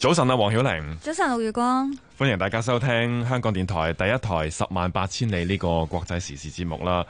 早晨啊，黃曉玲。早晨，六月光。歡迎大家收聽香港電台第一台《十萬八千里》呢個國際時事節目啦。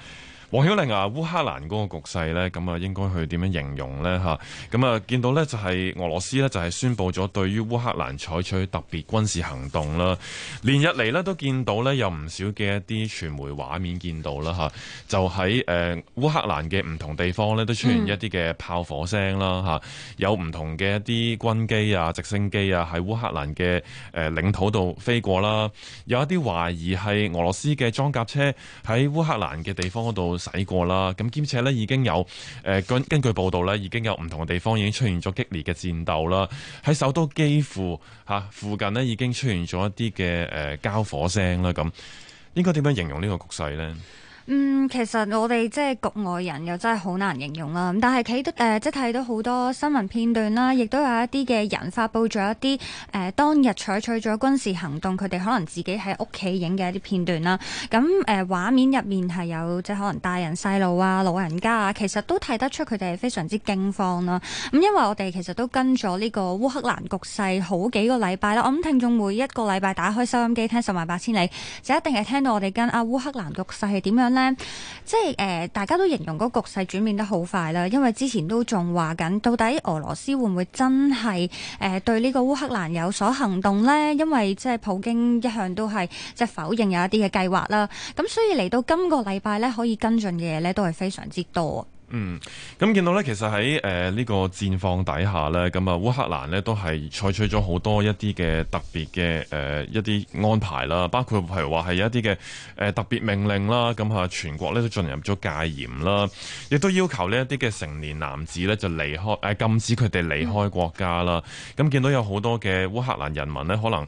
黃曉玲啊，烏克蘭嗰個局勢呢，咁啊應該去點樣形容呢？吓，咁啊見到呢，就係俄羅斯呢，就係宣布咗對於烏克蘭採取特別軍事行動啦。連日嚟呢，都見到呢，有唔少嘅一啲傳媒畫面見到啦，吓，就喺誒烏克蘭嘅唔同地方呢，都出現一啲嘅炮火聲啦，吓、嗯，有唔同嘅一啲軍機啊、直升機啊喺烏克蘭嘅誒領土度飛過啦。有一啲懷疑係俄羅斯嘅裝甲車喺烏克蘭嘅地方嗰度洗過啦，咁兼且咧已經有根、呃、根據報道咧，已經有唔同嘅地方已經出現咗激烈嘅戰鬥啦。喺首都基輔、啊、附近呢，已經出現咗一啲嘅、呃、交火聲啦。咁應該點樣形容呢個局勢呢？嗯，其實我哋即係局外人又真係好難形容啦。咁但係睇到、呃、即係睇到好多新聞片段啦，亦都有一啲嘅人發佈咗一啲誒、呃、當日採取咗軍事行動，佢哋可能自己喺屋企影嘅一啲片段啦。咁誒畫面入面係有即係可能大人細路啊、老人家啊，其實都睇得出佢哋係非常之驚慌啦。咁、嗯、因為我哋其實都跟咗呢個烏克蘭局勢好幾個禮拜啦。我諗聽眾每一個禮拜打開收音機聽十萬八千里，就一定係聽到我哋跟阿、啊、烏克蘭局勢係點樣啦。即係誒，大家都形容嗰局勢轉變得好快啦。因為之前都仲話緊，到底俄羅斯會唔會真係誒對呢個烏克蘭有所行動呢？因為即係普京一向都係即係否認有一啲嘅計劃啦。咁所以嚟到今個禮拜呢，可以跟進嘅嘢呢都係非常之多。嗯，咁見到咧，其實喺誒呢個戰況底下咧，咁、呃、啊烏克蘭咧都係採取咗好多一啲嘅特別嘅誒一啲安排啦，包括譬如話係有一啲嘅誒特別命令啦，咁啊全國咧都進入咗戒嚴啦，亦、啊、都要求呢一啲嘅成年男子咧就離開誒、啊、禁止佢哋離開國家啦。咁、啊、見到有好多嘅烏克蘭人民咧，可能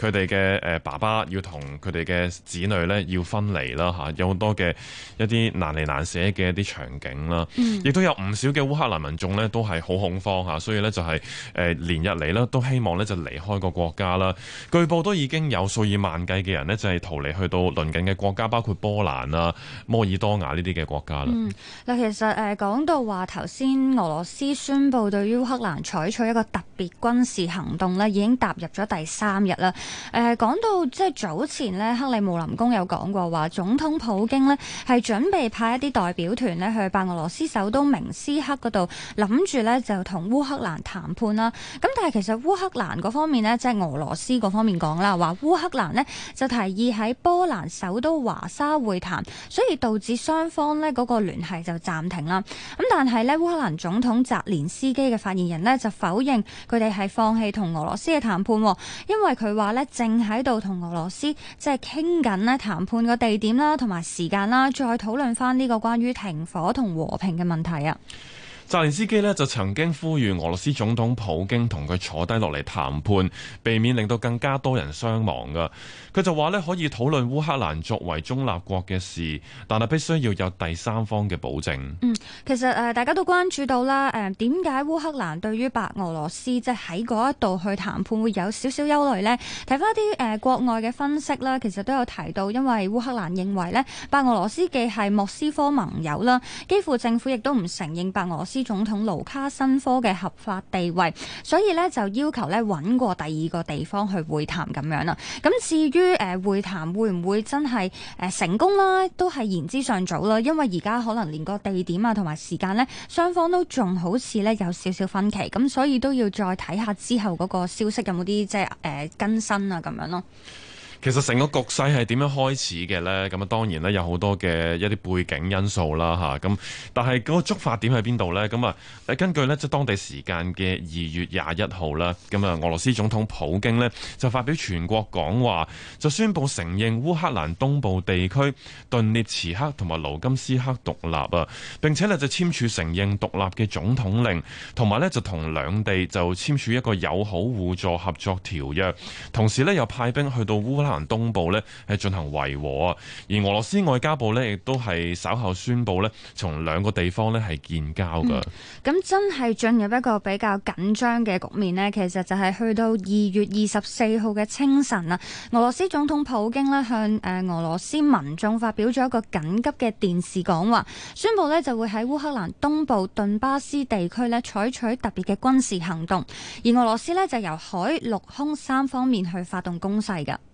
佢哋嘅誒爸爸要同佢哋嘅子女咧要分離啦，吓、啊、有好多嘅一啲難離難捨嘅一啲場景啦。亦都、嗯、有唔少嘅烏克蘭民眾咧，都係好恐慌嚇，所以呢就係誒連日嚟咧都希望咧就離開個國家啦。據報都已經有數以萬計嘅人咧，就係逃離去到鄰近嘅國家，包括波蘭啊、摩爾多瓦呢啲嘅國家啦。嗱、嗯，其實誒、呃、講到話頭先，俄羅斯宣布對於烏克蘭採取一個特別軍事行動咧，已經踏入咗第三日啦。誒、呃、講到即係早前咧，克里姆林宮有講過話，總統普京咧係準備派一啲代表團咧去白俄羅斯。斯首都明斯克嗰度，諗住咧就同烏克蘭談判啦。咁但係其實烏克蘭嗰方面咧，即係俄羅斯嗰方面講啦，話烏克蘭咧就提議喺波蘭首都華沙會談，所以導致雙方咧嗰個聯繫就暫停啦。咁但係咧，烏克蘭總統澤連斯基嘅發言人咧就否認佢哋係放棄同俄羅斯嘅談判，因為佢話咧正喺度同俄羅斯即係傾緊咧談判個地點啦，同埋時間啦，再討論翻呢個關於停火同和、和。平嘅問題啊。澤連斯基咧就曾經呼籲俄羅斯總統普京同佢坐低落嚟談判，避免令到更加多人傷亡噶。佢就話咧可以討論烏克蘭作為中立國嘅事，但係必須要有第三方嘅保證。嗯，其實誒大家都關注到啦，誒點解烏克蘭對於白俄羅斯即係喺嗰一度去談判會有少少憂慮呢？睇翻一啲誒國外嘅分析啦，其實都有提到，因為烏克蘭認為咧白俄羅斯既係莫斯科盟友啦，幾乎政府亦都唔承認白俄羅斯總統盧卡申科嘅合法地位，所以咧就要求咧揾過第二個地方去會談咁樣啦。咁至於誒會談會唔會真係誒成功啦，都係言之尚早啦。因為而家可能連個地點啊同埋時間咧，雙方都仲好似咧有少少分歧，咁所以都要再睇下之後嗰個消息有冇啲即係誒更新啊咁樣咯。其實成個局勢係點樣開始嘅呢？咁啊，當然呢有好多嘅一啲背景因素啦，吓咁。但係個觸發點喺邊度呢？咁啊，根據呢，即當地時間嘅二月廿一號啦，咁啊，俄羅斯總統普京呢，就發表全國講話，就宣布承認烏克蘭東部地區頓涅茨克同埋盧甘斯克獨立啊，並且呢就簽署承認獨立嘅總統令，同埋呢，就同兩地就簽署一個友好互助合作條約，同時呢，又派兵去到烏克蘭。東部咧係進行維和，而俄羅斯外交部咧亦都係稍後宣布咧，從兩個地方咧係建交噶。咁、嗯、真係進入一個比較緊張嘅局面咧，其實就係去到二月二十四號嘅清晨啊。俄羅斯總統普京咧向誒俄羅斯民眾發表咗一個緊急嘅電視講話，宣布咧就會喺烏克蘭東部頓巴斯地區咧採取特別嘅軍事行動，而俄羅斯咧就由海、陸、空三方面去發動攻勢噶。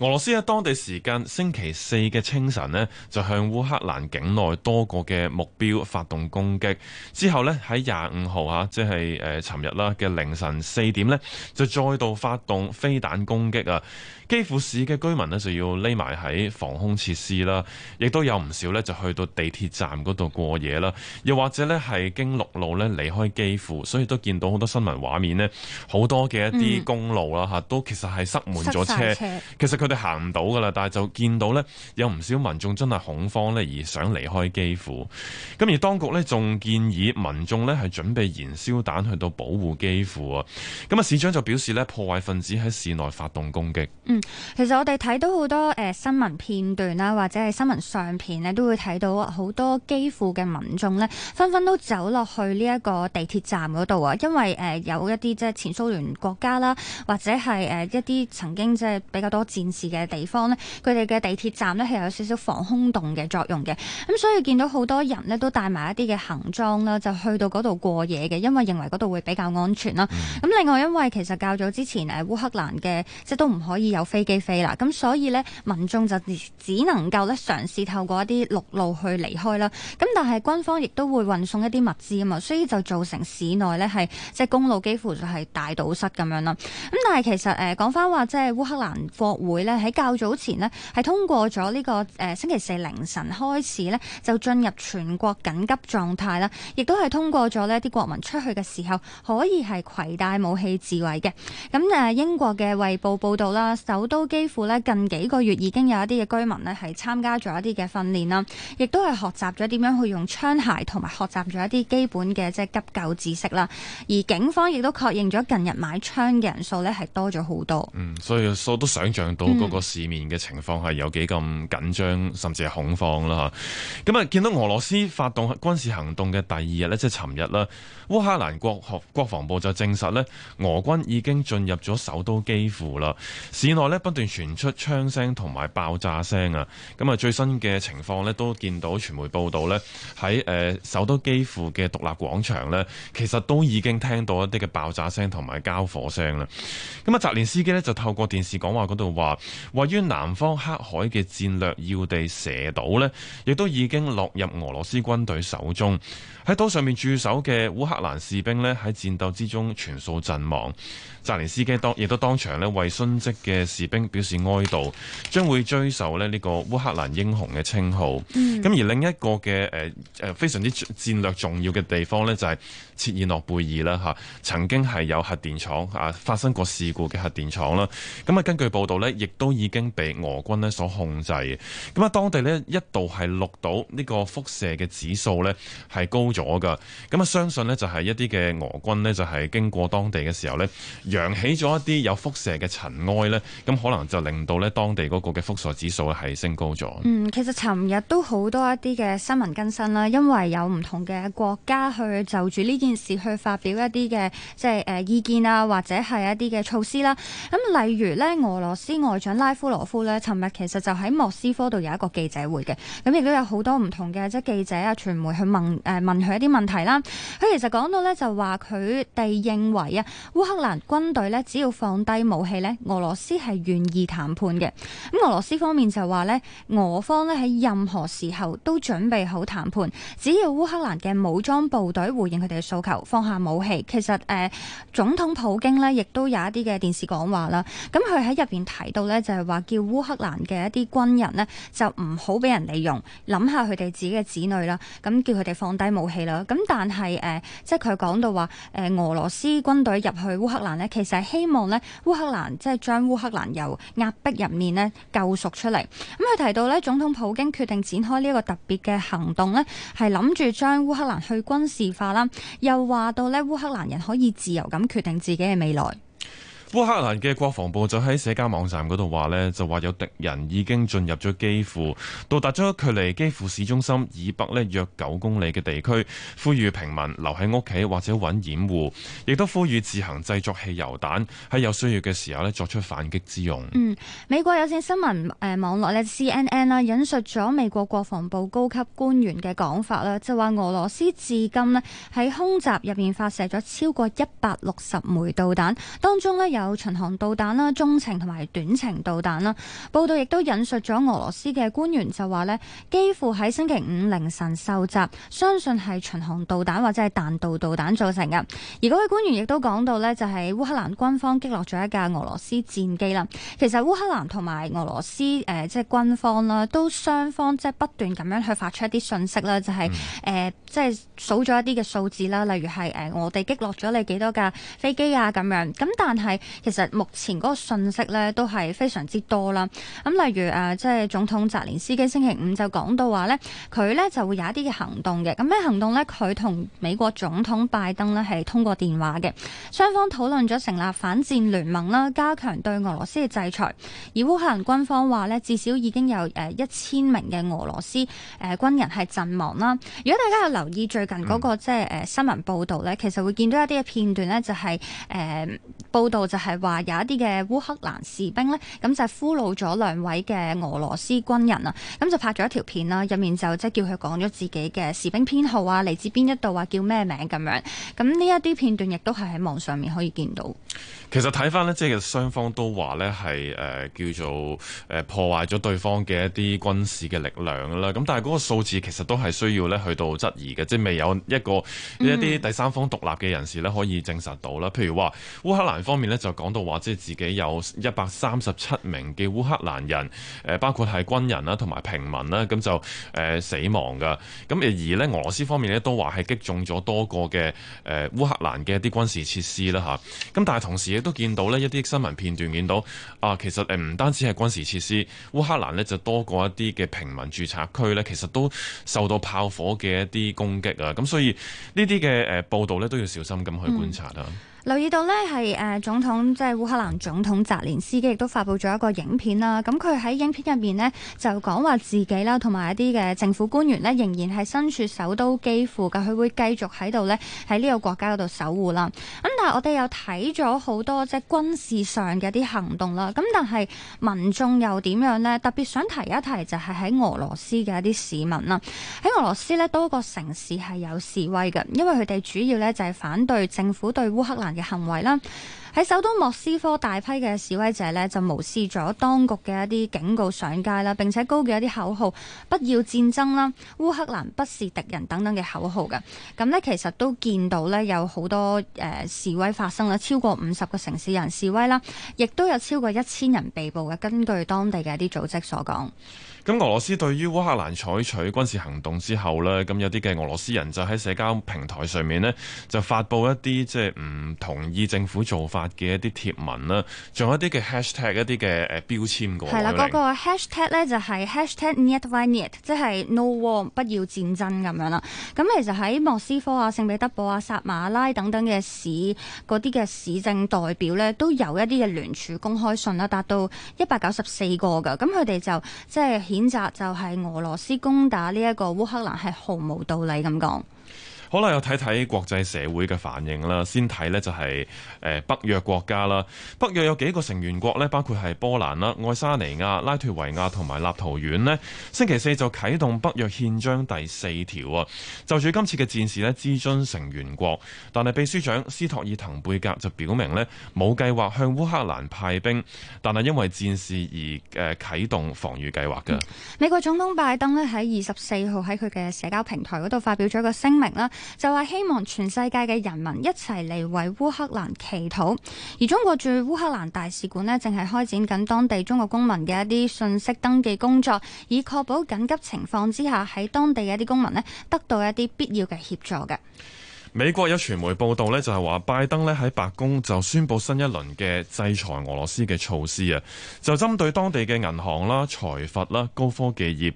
俄羅斯喺當地時間星期四嘅清晨呢就向烏克蘭境內多個嘅目標發動攻擊。之後呢，喺廿五號嚇，即係誒尋日啦嘅凌晨四點呢就再度發動飛彈攻擊啊！基輔市嘅居民呢，就要匿埋喺防空設施啦，亦都有唔少呢，就去到地鐵站嗰度過夜啦，又或者呢，係經陸路呢離開基輔，所以都見到好多新聞畫面呢，好多嘅一啲公路啦嚇、嗯、都其實係塞滿咗車，車其實佢。行唔到噶啦，但係就見到咧有唔少民眾真係恐慌咧，而想離開基輔，咁而當局咧仲建議民眾咧係準備燃燒彈去到保護基輔啊。咁啊，市長就表示咧破壞分子喺市內發動攻擊。嗯，其實我哋睇到好多誒、呃、新聞片段啦，或者係新聞相片咧，都會睇到好多基輔嘅民眾咧，紛紛都走落去呢一個地鐵站嗰度啊，因為誒、呃、有一啲即係前蘇聯國家啦，或者係誒一啲曾經即係比較多戰。嘅地方呢，佢哋嘅地鐵站呢，係有少少防空洞嘅作用嘅，咁所以見到好多人呢，都帶埋一啲嘅行裝啦，就去到嗰度過夜嘅，因為認為嗰度會比較安全啦。咁另外因為其實較早之前誒烏克蘭嘅即都唔可以有飛機飛啦，咁所以呢，民眾就只能夠咧嘗試透過一啲陸路去離開啦。咁但係軍方亦都會運送一啲物資啊嘛，所以就造成市內呢，係即係公路幾乎就係大堵塞咁樣啦。咁但係其實誒講翻話，即係烏克蘭國會。咧喺較早前呢係通過咗呢、這個誒、呃、星期四凌晨開始呢就進入全國緊急狀態啦。亦都係通過咗呢啲國民出去嘅時候可以係攜帶武器自衞嘅。咁誒、啊、英國嘅衛報報導啦，首都幾乎呢近幾個月已經有一啲嘅居民呢係參加咗一啲嘅訓練啦，亦都係學習咗點樣去用槍械，同埋學習咗一啲基本嘅即係急救知識啦。而警方亦都確認咗近日買槍嘅人數呢係多咗好多。嗯，所以我都想像到。嗰、嗯、個市面嘅情況係有幾咁緊張，甚至係恐慌啦嚇。咁啊，見到俄羅斯發動軍事行動嘅第二日咧，即係尋日啦，烏克蘭國學國防部就證實咧，俄軍已經進入咗首都基輔啦。市內咧不斷傳出槍聲同埋爆炸聲啊。咁啊，最新嘅情況咧都見到傳媒報道咧，喺誒、呃、首都基輔嘅獨立廣場咧，其實都已經聽到一啲嘅爆炸聲同埋交火聲啦。咁啊，啊，澤連斯基咧就透過電視講話嗰度話。位於南方黑海嘅戰略要地蛇島呢，亦都已經落入俄羅斯軍隊手中。喺島上面駐守嘅烏克蘭士兵呢，喺戰鬥之中全數陣亡。澤連斯基當亦都當場呢，為殉職嘅士兵表示哀悼，將會追授呢呢個烏克蘭英雄嘅稱號。咁、嗯、而另一個嘅誒誒非常之戰略重要嘅地方呢，就係切爾諾貝爾啦嚇，曾經係有核電廠啊發生過事故嘅核電廠啦。咁啊，根據報道呢，亦都已經被俄軍呢所控制。咁啊，當地呢，一度係錄到呢個輻射嘅指數呢係高咗㗎。咁啊，相信呢，就係一啲嘅俄軍呢，就係經過當地嘅時候呢。揚起咗一啲有輻射嘅塵埃呢，咁可能就令到呢當地嗰個嘅輻射指數係升高咗。嗯，其實尋日都好多一啲嘅新聞更新啦，因為有唔同嘅國家去就住呢件事去發表一啲嘅即係誒、呃、意見啊，或者係一啲嘅措施啦。咁例如呢，俄羅斯外長拉夫羅夫呢，尋日其實就喺莫斯科度有一個記者會嘅，咁亦都有好多唔同嘅即係記者啊、傳媒去問誒、呃、問佢一啲問題啦。佢其實講到呢，就話佢哋認為啊，烏克蘭軍軍隊咧，只要放低武器咧，俄羅斯係願意談判嘅。咁俄羅斯方面就話咧，俄方咧喺任何時候都準備好談判，只要烏克蘭嘅武裝部隊回應佢哋嘅訴求，放下武器。其實誒、呃，總統普京呢亦都有一啲嘅電視講話啦。咁佢喺入邊提到咧，就係話叫烏克蘭嘅一啲軍人呢就唔好俾人利用，諗下佢哋自己嘅子女啦，咁叫佢哋放低武器啦。咁但係誒、呃，即係佢講到話誒、呃，俄羅斯軍隊入去烏克蘭咧。其實希望咧烏克蘭即係將烏克蘭由壓迫入面咧救贖出嚟。咁佢提到咧，總統普京決定展開呢一個特別嘅行動呢係諗住將烏克蘭去軍事化啦，又話到咧烏克蘭人可以自由咁決定自己嘅未來。烏克蘭嘅國防部就喺社交網站嗰度話咧，就話有敵人已經進入咗基輔，到達咗距離基輔市中心以北咧約九公里嘅地區，呼籲平民留喺屋企或者揾掩護亦都呼籲自行製作汽油彈喺有需要嘅時候咧作出反擊之用。嗯，美國有線新聞誒網絡咧 CNN 啦引述咗美國國防部高級官員嘅講法啦，就話俄羅斯至今咧喺空襲入面發射咗超過一百六十枚導彈，當中咧有。有巡航導彈啦，中程同埋短程導彈啦。報道亦都引述咗俄羅斯嘅官員就話咧，幾乎喺星期五凌晨受襲，相信係巡航導彈或者係彈道導彈造成嘅。而嗰位官員亦都講到咧，就係、是、烏克蘭軍方擊落咗一架俄羅斯戰機啦。其實烏克蘭同埋俄羅斯誒、呃，即係軍方啦，都雙方即係、就是、不斷咁樣去發出一啲信息啦，就係、是、誒，即係數咗一啲嘅數字啦，例如係誒、呃，我哋擊落咗你幾多架飛機啊咁樣。咁但係。其實目前嗰個信息咧都係非常之多啦。咁、嗯、例如誒、啊，即係總統澤連斯基星期五就講到話呢佢呢就會有一啲嘅行動嘅。咁咩行動呢？佢同美國總統拜登呢係通過電話嘅，雙方討論咗成立反戰聯盟啦，加強對俄羅斯嘅制裁。而烏克蘭軍方話呢，至少已經有誒一千名嘅俄羅斯誒、呃、軍人係陣亡啦。如果大家有留意最近嗰、那個即係誒新聞報導呢，其實會見到一啲嘅片段呢、就是，呃、就係誒報導就。係話有一啲嘅烏克蘭士兵呢，咁就俘虜咗兩位嘅俄羅斯軍人啊，咁就拍咗一條片啦，入面就即係叫佢講咗自己嘅士兵編號啊，嚟自邊一度啊，叫咩名咁樣，咁呢一啲片段亦都係喺網上面可以見到。其實睇翻，呢，即係雙方都話呢係誒叫做誒、呃、破壞咗對方嘅一啲軍事嘅力量啦，咁但係嗰個數字其實都係需要呢去到質疑嘅，即係未有一個呢一啲第三方獨立嘅人士呢可以證實到啦。嗯、譬如話烏克蘭方面呢就。講到話，即係自己有一百三十七名嘅烏克蘭人，誒，包括係軍人啦，同埋平民啦，咁就誒死亡噶。咁而咧，俄羅斯方面呢，都話係擊中咗多個嘅誒烏克蘭嘅一啲軍事設施啦，吓。咁但係同時亦都見到呢一啲新聞片段，見到啊，其實誒唔單止係軍事設施，烏克蘭呢就多過一啲嘅平民註冊區呢，其實都受到炮火嘅一啲攻擊啊。咁所以呢啲嘅誒報道咧都要小心咁去觀察啦。嗯留意到呢，係誒、呃、總統，即係烏克蘭總統澤連斯基，亦都發佈咗一個影片啦。咁佢喺影片入面呢，就講話自己啦，同埋一啲嘅政府官員呢，仍然係身處首都基輔嘅，佢會繼續喺度呢，喺呢個國家嗰度守護啦。咁但係我哋又睇咗好多即係軍事上嘅一啲行動啦。咁但係民眾又點樣呢？特別想提一提就係喺俄羅斯嘅一啲市民啦。喺俄羅斯呢，多個城市係有示威嘅，因為佢哋主要呢，就係、是、反對政府對烏克蘭。嘅行為啦，喺首都莫斯科，大批嘅示威者呢，就無視咗當局嘅一啲警告上街啦，並且高叫一啲口號，不要戰爭啦，烏克蘭不是敵人等等嘅口號嘅。咁呢，其實都見到呢有好多、呃、示威發生啦，超過五十個城市人示威啦，亦都有超過一千人被捕嘅，根據當地嘅一啲組織所講。咁俄羅斯對於烏克蘭採取軍事行動之後呢，咁有啲嘅俄羅斯人就喺社交平台上面呢，就發布一啲即係唔同意政府做法嘅一啲貼文啦，仲有一啲嘅 hashtag 一啲嘅誒標籤嘅。係啦，嗰、那個 hashtag 咧就係、是、hashtag нет войны 即係 no war，不要戰爭咁樣啦。咁其實喺莫斯科啊、聖彼得堡啊、薩馬拉等等嘅市嗰啲嘅市政代表呢，都有一啲嘅聯署公開信啦，達到一百九十四個㗎。咁佢哋就即係，就是譴責就係俄羅斯攻打呢一個烏克蘭係毫無道理咁講。好啦，又睇睇國際社會嘅反應啦。先睇呢就係誒北約國家啦。北約有幾個成員國呢，包括係波蘭啦、愛沙尼亞、拉脱維亞同埋立陶宛呢星期四就啟動北約憲章第四條啊，就住今次嘅戰事呢諮詢成員國。但係秘書長斯托爾滕貝格就表明呢冇計劃向烏克蘭派兵，但係因為戰事而啟動防禦計劃㗎。美國總統拜登呢喺二十四號喺佢嘅社交平台嗰度發表咗一個聲明啦。就話希望全世界嘅人民一齊嚟，為烏克蘭祈禱，而中國駐烏克蘭大使館呢正係開展緊當地中國公民嘅一啲信息登記工作，以確保緊急情況之下喺當地嘅一啲公民呢得到一啲必要嘅協助嘅。美國有傳媒報道就係話拜登咧喺白宮就宣布新一輪嘅制裁俄羅斯嘅措施啊，就針對當地嘅銀行啦、財閥啦、高科技業，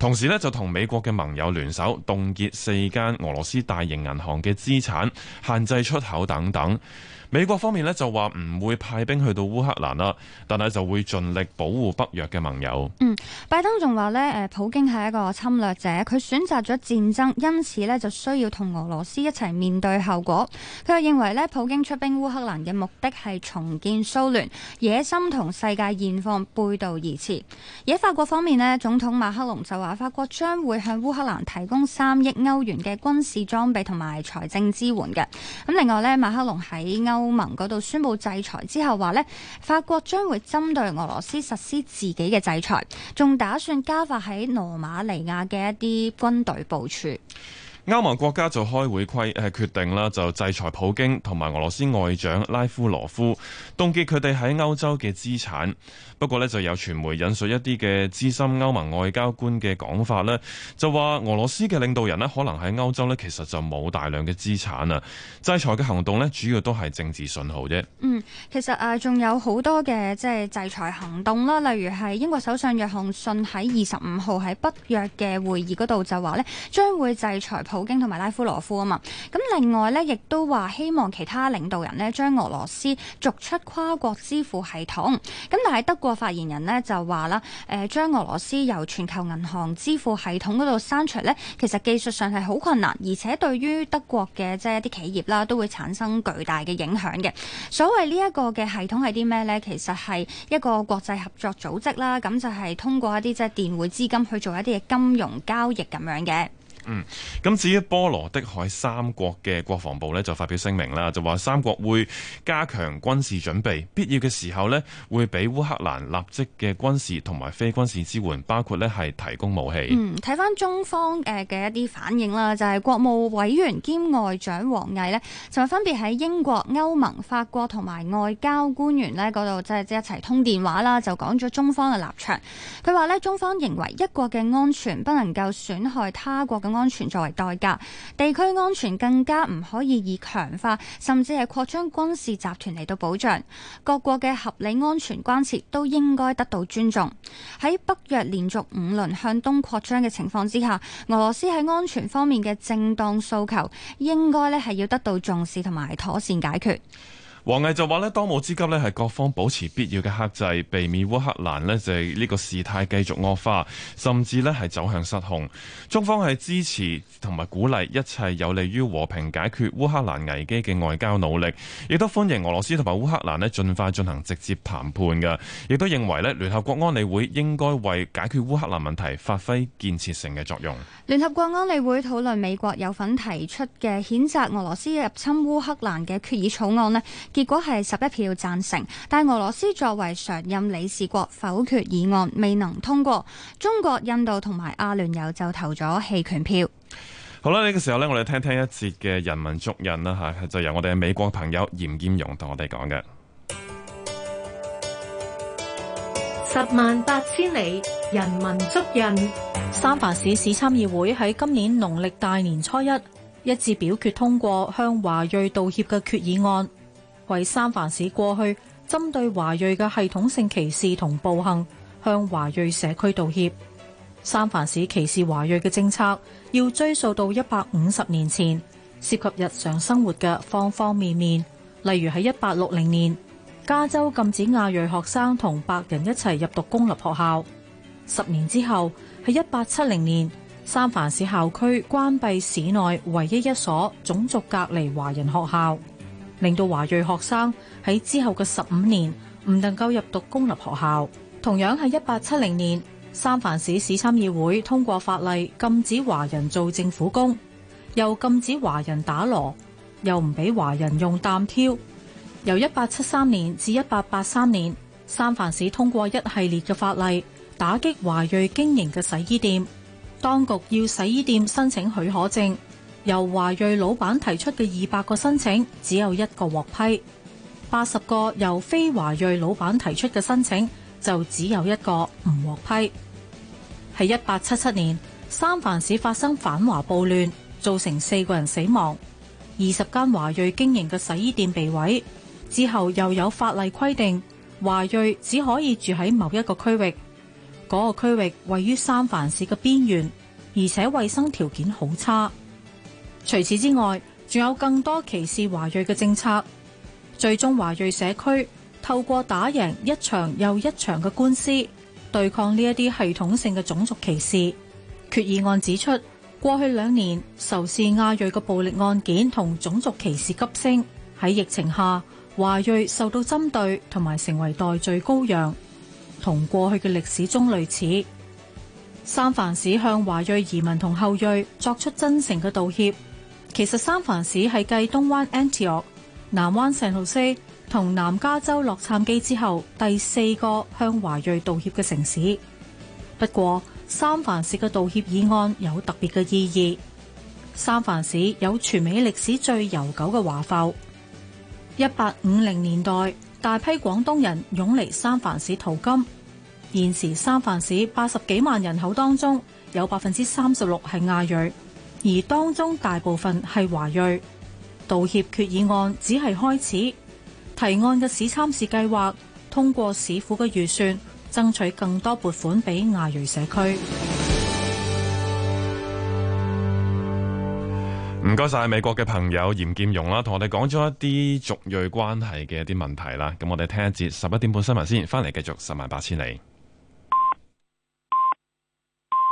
同時就同美國嘅盟友聯手凍結四間俄羅斯大型銀行嘅資產、限制出口等等。美國方面咧就話唔會派兵去到烏克蘭啦，但係就會盡力保護北約嘅盟友。嗯，拜登仲話咧，誒，普京係一個侵略者，佢選擇咗戰爭，因此咧就需要同俄羅斯一齊面對後果。佢又認為咧，普京出兵烏克蘭嘅目的係重建蘇聯，野心同世界現況背道而馳。而喺法國方面咧，總統馬克龍就話法國將會向烏克蘭提供三億歐元嘅軍事裝備同埋財政支援嘅。咁另外咧，馬克龍喺歐歐盟嗰度宣布制裁之後，話呢法國將會針對俄羅斯實施自己嘅制裁，仲打算加法喺羅馬尼亞嘅一啲軍隊部署。歐盟國家就開會規誒決定啦，就制裁普京同埋俄羅斯外長拉夫羅夫，凍結佢哋喺歐洲嘅資產。不過呢，就有傳媒引述一啲嘅資深歐盟外交官嘅講法呢，就話俄羅斯嘅領導人呢，可能喺歐洲呢，其實就冇大量嘅資產啊。制裁嘅行動呢，主要都係政治信號啫。嗯，其實啊，仲有好多嘅即係制裁行動啦，例如係英國首相約翰遜喺二十五號喺北約嘅會議嗰度就話呢，將會制裁。普京同埋拉夫羅夫啊嘛，咁另外咧，亦都話希望其他領導人呢，將俄羅斯逐出跨國支付系統。咁但係德國發言人呢就話啦，誒、呃、將俄羅斯由全球銀行支付系統嗰度刪除咧，其實技術上係好困難，而且對於德國嘅即係一啲企業啦，都會產生巨大嘅影響嘅。所謂呢一個嘅系統係啲咩咧？其實係一個國際合作組織啦，咁就係通過一啲即係電匯資金去做一啲嘅金融交易咁樣嘅。嗯，咁至於波羅的海三國嘅國防部呢，就發表聲明啦，就話三國會加強軍事準備，必要嘅時候呢，會俾烏克蘭立即嘅軍事同埋非軍事支援，包括呢係提供武器。嗯，睇翻中方嘅一啲反應啦，就係國務委員兼外長王毅呢，就分別喺英國、歐盟、法國同埋外交官員呢嗰度即係一齊通電話啦，就講咗中方嘅立場。佢話呢，中方認為一國嘅安全不能夠損害他國咁。安全作為代價，地區安全更加唔可以以強化，甚至係擴張軍事集團嚟到保障。各國嘅合理安全關切都應該得到尊重。喺北約連續五輪向東擴張嘅情況之下，俄羅斯喺安全方面嘅正當訴求，應該咧係要得到重視同埋妥善解決。王毅就話呢，當務之急呢係各方保持必要嘅克制，避免烏克蘭呢就係呢個事態繼續惡化，甚至呢係走向失控。中方係支持同埋鼓勵一切有利於和平解決烏克蘭危機嘅外交努力，亦都歡迎俄羅斯同埋烏克蘭呢盡快進行直接談判㗎，亦都認為呢，聯合國安理會應該為解決烏克蘭問題發揮建設性嘅作用。聯合國安理會討論美國有份提出嘅譴責俄羅斯入侵烏克蘭嘅決議草案咧，結果係十一票贊成，但俄羅斯作為常任理事國否決議案，未能通過。中國、印度同埋阿聯酋就投咗棄權票。好啦，呢個時候呢，我哋聽聽一節嘅人文足印啦。吓，就由我哋嘅美國朋友嚴劍蓉同我哋講嘅十萬八千里人文足印。三藩市市參議會喺今年農曆大年初一一致表決通過向華裔道歉嘅決議案。為三藩市過去針對華裔嘅系統性歧視同暴行，向華裔社區道歉。三藩市歧視華裔嘅政策，要追溯到一百五十年前，涉及日常生活嘅方方面面。例如喺一八六零年，加州禁止亞裔學生同白人一齊入讀公立學校。十年之後，喺一八七零年，三藩市校區關閉市內唯一一所種族隔離華人學校。令到華裔學生喺之後嘅十五年唔能夠入讀公立學校。同樣係一八七零年，三藩市市參議會通過法例禁止華人做政府工，又禁止華人打鑼，又唔俾華人用擔挑。由一八七三年至一八八三年，三藩市通過一系列嘅法例打擊華裔經營嘅洗衣店，當局要洗衣店申請許可證。由華裔老闆提出嘅二百個申請，只有一個獲批；八十個由非華裔老板提出嘅申請，就只有一個唔獲批。喺一八七七年，三藩市發生反華暴亂，造成四個人死亡，二十間華裔經營嘅洗衣店被毀。之後又有法例規定，華裔只可以住喺某一個區域，嗰個區域位於三藩市嘅邊緣，而且衛生條件好差。除此之外，仲有更多歧視華裔嘅政策。最終華裔社區透過打贏一場又一場嘅官司，對抗呢一啲系統性嘅種族歧視。決議案指出，過去兩年仇視亞裔嘅暴力案件同種族歧視急升，喺疫情下，華裔受到針對同埋成為代罪羔羊，同過去嘅歷史中類似。三藩市向華裔移民同後裔作出真誠嘅道歉。其實三藩市係繼東灣 Antioch、南灣聖荷西同南加州洛杉磯之後，第四個向華裔道歉嘅城市。不過三藩市嘅道歉議案有特別嘅意義。三藩市有全美歷史最悠久嘅華埠。一八五零年代大批廣東人湧嚟三藩市淘金。現時三藩市八十幾萬人口當中有百分之三十六係亞裔。而當中大部分係華裔，道歉決議案只係開始。提案嘅市參事計劃通過市府嘅預算，爭取更多撥款俾亞裔社區。唔該晒美國嘅朋友嚴劍蓉啦，同我哋講咗一啲族裔關係嘅一啲問題啦。咁我哋聽一節十一點半新聞先，翻嚟繼續十萬八千里。